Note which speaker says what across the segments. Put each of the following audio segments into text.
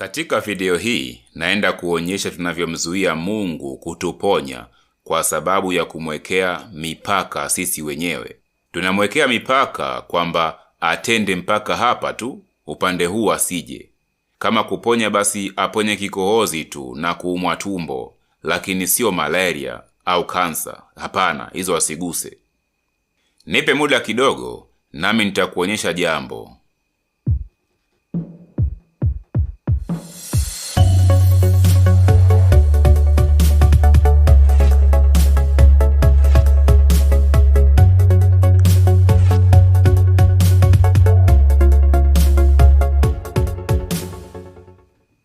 Speaker 1: Katika video hii naenda kuonyesha tunavyomzuia Mungu kutuponya kwa sababu ya kumwekea mipaka sisi wenyewe. Tunamwekea mipaka kwamba atende mpaka hapa tu, upande huu asije. Kama kuponya, basi aponye kikohozi tu na kuumwa tumbo, lakini siyo malaria au kansa. Hapana, hizo asiguse. Nipe muda kidogo, nami nitakuonyesha jambo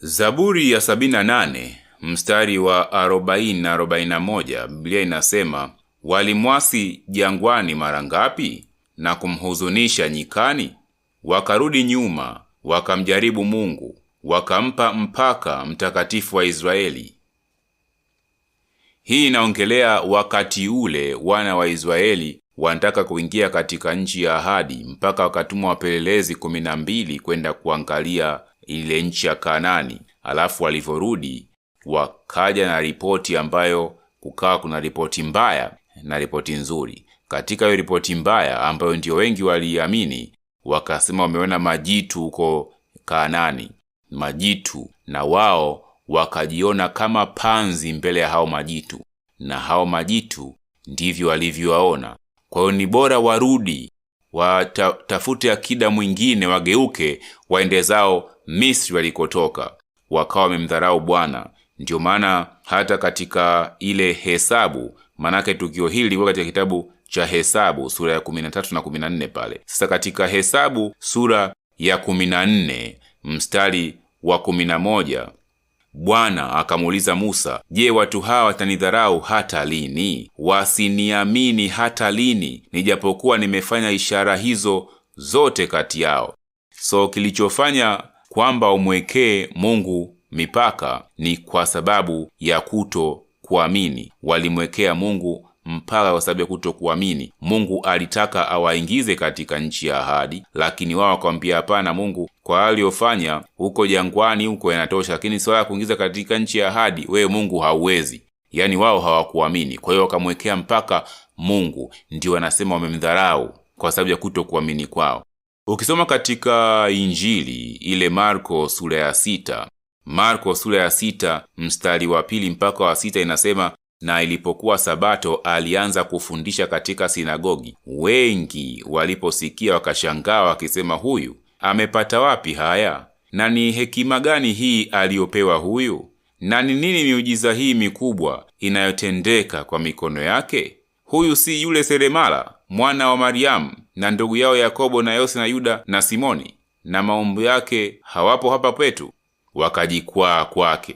Speaker 1: Zaburi ya 78 mstari wa 40 na 41, Biblia inasema walimwasi jangwani mara ngapi na kumhuzunisha nyikani, wakarudi nyuma, wakamjaribu Mungu, wakampa mpaka mtakatifu wa Israeli. Hii inaongelea wakati ule wana wa Israeli wanataka kuingia katika nchi ya ahadi, mpaka wakatumwa wapelelezi kumi na mbili kwenda kuangalia ile nchi ya kanani Alafu walivyorudi wakaja na ripoti ambayo kukawa kuna ripoti mbaya na ripoti nzuri. Katika hiyo ripoti mbaya ambayo ndio wengi waliamini, wakasema wameona majitu huko kanani majitu, na wao wakajiona kama panzi mbele ya hao majitu, na hao majitu ndivyo walivyowaona. Kwa hiyo ni bora warudi watafute akida mwingine, wageuke waende zao Misri walikotoka, wakawa wamemdharau Bwana. Ndiyo maana hata katika ile Hesabu, manake tukio hili lilikuwa katika kitabu cha Hesabu sura ya 13 na 14 pale. Sasa katika Hesabu sura ya 14 mstari wa 11 Bwana akamuuliza Musa, je, watu hawa watanidharau hata lini? Wasiniamini hata lini, nijapokuwa nimefanya ishara hizo zote kati yao? So kilichofanya kwamba umwekee Mungu mipaka ni kwa sababu ya kuto kuamini. Walimwekea Mungu mpaka kwa sababu ya kuto kuamini. Mungu alitaka awaingize katika nchi ya ahadi, lakini wao wakamwambia hapana, Mungu kwa aliyofanya huko jangwani huko yanatosha, lakini swala ya kuingiza katika nchi ya ahadi, wewe Mungu hauwezi. Yaani wao hawakuamini, kwa hiyo wakamwekea mpaka Mungu. Ndio wanasema wamemdharau kwa sababu ya kuto kuamini kwao. Ukisoma katika Injili ile Marko sura ya sita, Marko sura ya sita mstari wa pili mpaka wa sita inasema na ilipokuwa Sabato alianza kufundisha katika sinagogi. Wengi waliposikia wakashangaa, wakisema, huyu amepata wapi haya? Na ni hekima gani hii aliyopewa huyu? Na ni nini miujiza hii mikubwa inayotendeka kwa mikono yake? Huyu si yule seremala mwana wa Mariamu na ndugu yao Yakobo na Yose na Yuda na Simoni? Na maumbu yake hawapo hapa kwetu? Wakajikwaa kwake.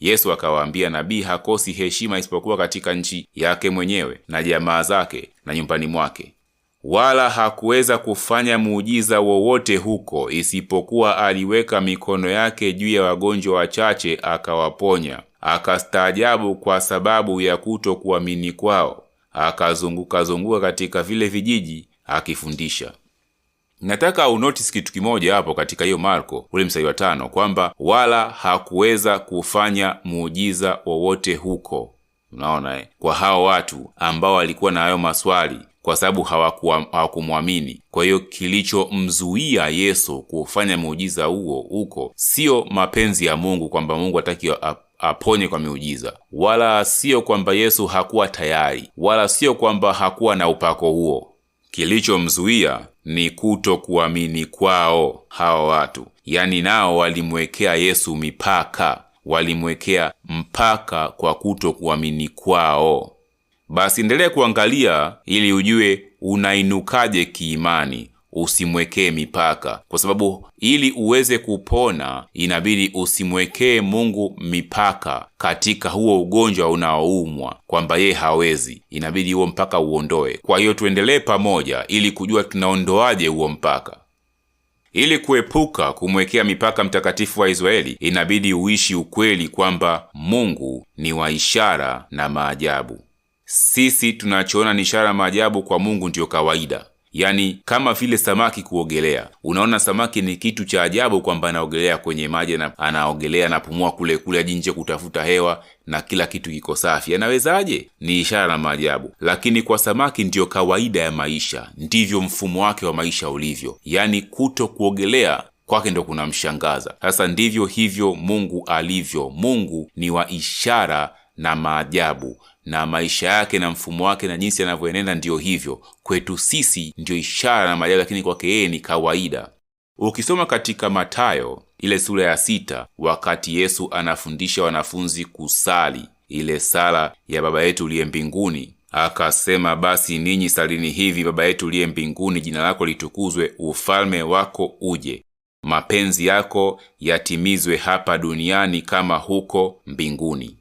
Speaker 1: Yesu akawaambia, nabii hakosi heshima isipokuwa katika nchi yake mwenyewe na jamaa zake na nyumbani mwake. Wala hakuweza kufanya muujiza wowote huko, isipokuwa aliweka mikono yake juu ya wagonjwa wachache akawaponya. Akastaajabu kwa sababu ya kuto kuamini kwao akazunguka zunguka katika vile vijiji akifundisha. Nataka unotisi kitu kimoja hapo katika hiyo Marko ule msai wa tano kwamba wala hakuweza kufanya muujiza wowote huko. Unaona eh? Kwa hao watu ambao walikuwa na hayo maswali kwa sababu hawakumwamini. Kwa hiyo kilichomzuia Yesu kufanya muujiza huo huko sio mapenzi ya Mungu, kwamba Mungu ataki aponye kwa miujiza, wala siyo kwamba Yesu hakuwa tayari, wala siyo kwamba hakuwa na upako huo. Kilichomzuia ni kuto kuamini kwao hawa watu, yani nao walimwekea Yesu mipaka, walimwekea mpaka kwa kuto kuamini kwao. Basi endelea kuangalia ili ujue unainukaje kiimani usimwekee mipaka, kwa sababu ili uweze kupona inabidi usimwekee Mungu mipaka katika huo ugonjwa unaoumwa, kwamba yeye hawezi, inabidi huo mpaka uondoe. Kwa hiyo tuendelee pamoja ili kujua tunaondoaje huo mpaka. Ili kuepuka kumwekea mipaka Mtakatifu wa Israeli, inabidi uishi ukweli kwamba Mungu ni wa ishara na maajabu. Sisi tunachoona ni ishara na maajabu kwa Mungu ndiyo kawaida yani kama vile samaki kuogelea. Unaona, samaki ni kitu cha ajabu kwamba anaogelea kwenye maji na anaogelea anapumua kule kule aji kutafuta hewa na kila kitu kiko safi, anawezaje? Ni ishara na maajabu. Lakini kwa samaki ndiyo kawaida ya maisha, ndivyo mfumo wake wa maisha ulivyo, yani kuto kuogelea kwake ndo kunamshangaza. Sasa ndivyo hivyo Mungu alivyo. Mungu ni wa ishara na maajabu na maisha yake na mfumo wake na jinsi anavyoenenda ndiyo hivyo. Kwetu sisi ndiyo ishara na maajabu, lakini kwake yeye ni kawaida. Ukisoma katika matayo ile sura ya sita, wakati Yesu anafundisha wanafunzi kusali ile sala ya Baba yetu uliye mbinguni, akasema, basi ninyi salini hivi: Baba yetu uliye mbinguni, jina lako litukuzwe, ufalme wako uje, mapenzi yako yatimizwe hapa duniani kama huko mbinguni.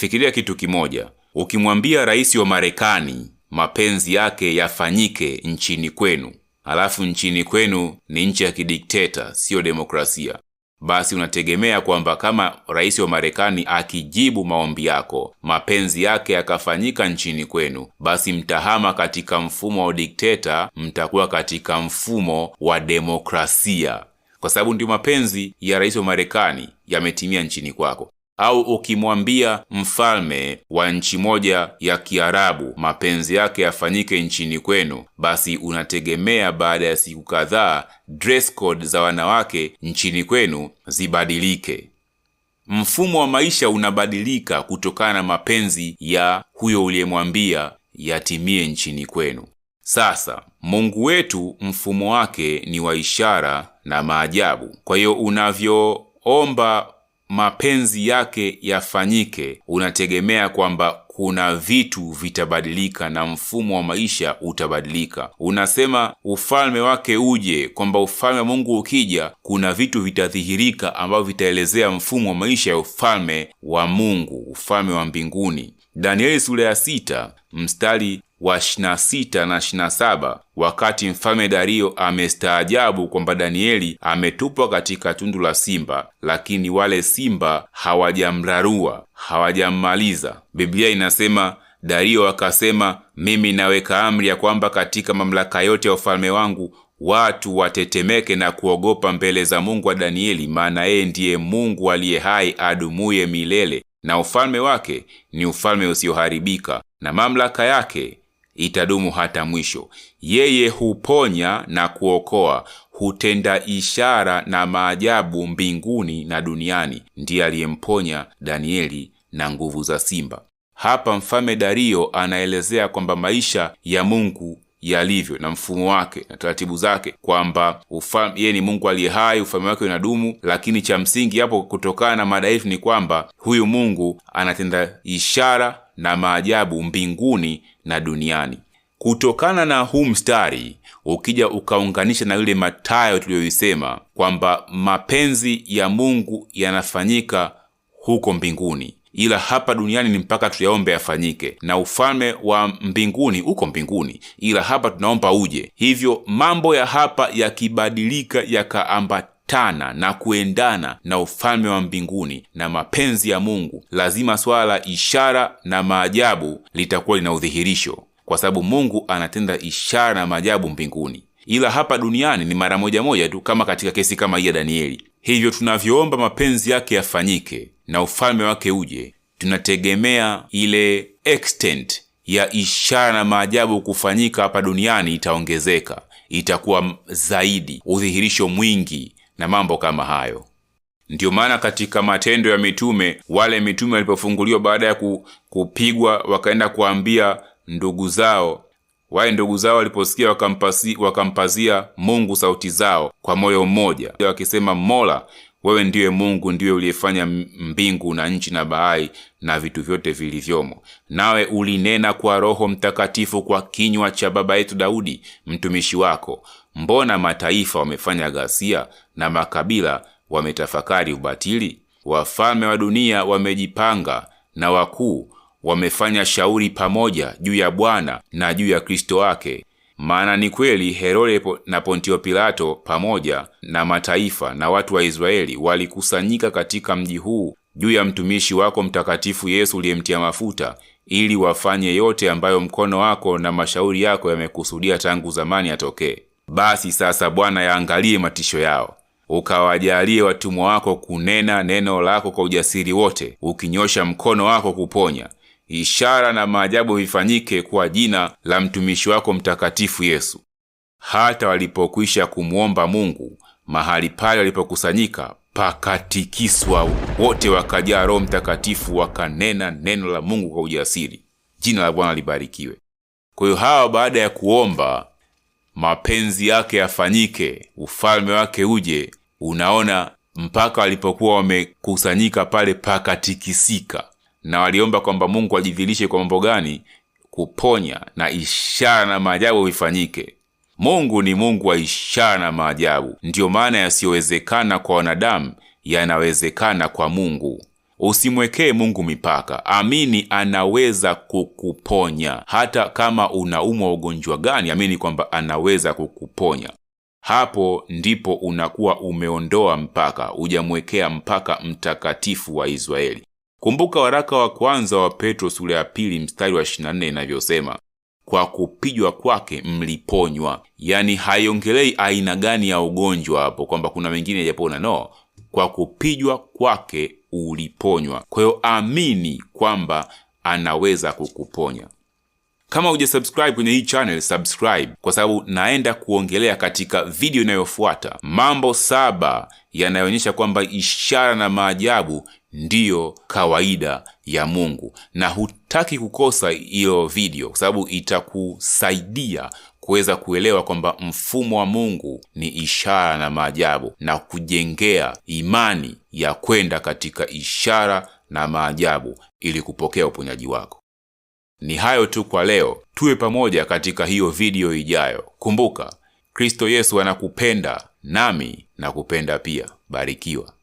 Speaker 1: Fikiria kitu kimoja, ukimwambia rais wa Marekani mapenzi yake yafanyike nchini kwenu, alafu nchini kwenu ni nchi ya kidikteta, siyo demokrasia, basi unategemea kwamba kama rais wa Marekani akijibu maombi yako, mapenzi yake yakafanyika nchini kwenu, basi mtahama katika mfumo wa dikteta, mtakuwa katika mfumo wa demokrasia, kwa sababu ndio mapenzi ya rais wa Marekani yametimia nchini kwako au ukimwambia mfalme wa nchi moja ya Kiarabu mapenzi yake yafanyike nchini kwenu, basi unategemea baada ya siku kadhaa dress code za wanawake nchini kwenu zibadilike. Mfumo wa maisha unabadilika kutokana na mapenzi ya huyo uliyemwambia yatimie nchini kwenu. Sasa Mungu wetu mfumo wake ni wa ishara na maajabu. Kwa hiyo unavyoomba mapenzi yake yafanyike, unategemea kwamba kuna vitu vitabadilika na mfumo wa maisha utabadilika. Unasema ufalme wake uje, kwamba ufalme wa Mungu ukija, kuna vitu vitadhihirika ambavyo vitaelezea mfumo wa maisha ya ufalme wa Mungu, ufalme wa mbinguni. Danieli sura ya 6 mstari wa 26 na 27, wakati mfalme Dario amestaajabu kwamba Danieli ametupwa katika tundu la simba, lakini wale simba hawajamrarua, hawajammaliza. Biblia inasema Dario akasema, mimi naweka amri ya kwamba katika mamlaka yote ya ufalme wangu watu watetemeke na kuogopa mbele za Mungu wa Danieli, maana yeye ndiye Mungu aliye hai adumuye milele, na ufalme wake ni ufalme usioharibika, na mamlaka yake itadumu hata mwisho. Yeye huponya na kuokoa, hutenda ishara na maajabu mbinguni na duniani. Ndiye aliyemponya Danieli na nguvu za simba. Hapa mfalme Dario anaelezea kwamba maisha ya Mungu yalivyo na mfumo wake na taratibu zake, kwamba yeye ni Mungu aliye hai, ufalme wake unadumu. Lakini cha msingi hapo, kutokana na mada yetu, ni kwamba huyu Mungu anatenda ishara na maajabu mbinguni na duniani. Kutokana na huu mstari ukija ukaunganisha na yule Mathayo tuliyoisema kwamba mapenzi ya Mungu yanafanyika huko mbinguni, ila hapa duniani ni mpaka tuyaombe yafanyike, na ufalme wa mbinguni uko mbinguni, ila hapa tunaomba uje. Hivyo mambo ya hapa yakibadilika yakaambatana kufuatana na kuendana na ufalme wa mbinguni na mapenzi ya Mungu, lazima swala la ishara na maajabu litakuwa lina udhihirisho, kwa sababu Mungu anatenda ishara na maajabu mbinguni, ila hapa duniani ni mara moja moja tu, kama katika kesi kama hii ya Danieli. Hivyo tunavyoomba mapenzi yake yafanyike na ufalme wake uje, tunategemea ile extent ya ishara na maajabu kufanyika hapa duniani itaongezeka, itakuwa zaidi, udhihirisho mwingi na mambo kama hayo. Ndiyo maana katika Matendo ya Mitume, wale mitume walipofunguliwa baada ya kupigwa, wakaenda kuambia ndugu zao. Wale ndugu zao waliposikia wakampazia Mungu sauti zao kwa moyo mmoja, wakisema, Mola, wewe ndiwe Mungu, ndiwe uliyefanya mbingu na nchi na bahari na vitu vyote vilivyomo, nawe ulinena kwa Roho Mtakatifu kwa kinywa cha baba yetu Daudi mtumishi wako, Mbona mataifa wamefanya ghasia na makabila wametafakari ubatili? Wafalme wa dunia wamejipanga na wakuu wamefanya shauri pamoja juu ya Bwana na juu ya Kristo wake. Maana ni kweli Herode na Pontio Pilato pamoja na mataifa na watu wa Israeli walikusanyika katika mji huu juu ya mtumishi wako mtakatifu Yesu uliyemtia mafuta, ili wafanye yote ambayo mkono wako na mashauri yako yamekusudia tangu zamani yatokee. Basi sasa Bwana yaangalie matisho yao, ukawajalie watumwa wako kunena neno lako kwa ujasiri wote, ukinyosha mkono wako kuponya. Ishara na maajabu vifanyike kwa jina la mtumishi wako mtakatifu Yesu. Hata walipokwisha kumwomba Mungu, mahali pale walipokusanyika pakatikiswa, wote wakajaa Roho Mtakatifu, wakanena neno la Mungu kwa ujasiri. Jina la Bwana libarikiwe. Kwa hiyo hawa baada ya kuomba mapenzi yake yafanyike, ufalme wake uje. Unaona, mpaka walipokuwa wamekusanyika pale pakatikisika, na waliomba kwamba Mungu ajidhilishe kwa mambo gani? Kuponya na ishara na maajabu vifanyike. Mungu ni Mungu wa ishara na maajabu. Ndiyo maana yasiyowezekana kwa wanadamu yanawezekana kwa Mungu. Usimwekee Mungu mipaka. Amini anaweza kukuponya hata kama unaumwa ugonjwa gani, amini kwamba anaweza kukuponya. Hapo ndipo unakuwa umeondoa mpaka, ujamwekea mpaka mtakatifu wa Israeli. Kumbuka waraka wa kwanza wa Petro sura ya pili mstari wa 24 inavyosema, kwa kupijwa kwake mliponywa. yani haiongelei aina gani ya ugonjwa hapo, kwamba kuna mengine hajapona, no, kwa kupijwa kwake uliponywa. Kwa hiyo amini kwamba anaweza kukuponya. Kama hujasubscribe kwenye hii channel, subscribe kwa sababu naenda kuongelea katika video inayofuata mambo saba yanayoonyesha kwamba ishara na maajabu ndiyo kawaida ya Mungu, na hutaki kukosa hiyo video, kwa sababu itakusaidia kuweza kuelewa kwamba mfumo wa Mungu ni ishara na maajabu, na kujengea imani ya kwenda katika ishara na maajabu ili kupokea uponyaji wako. Ni hayo tu kwa leo, tuwe pamoja katika hiyo video ijayo. Kumbuka, Kristo Yesu anakupenda nami nakupenda pia. Barikiwa.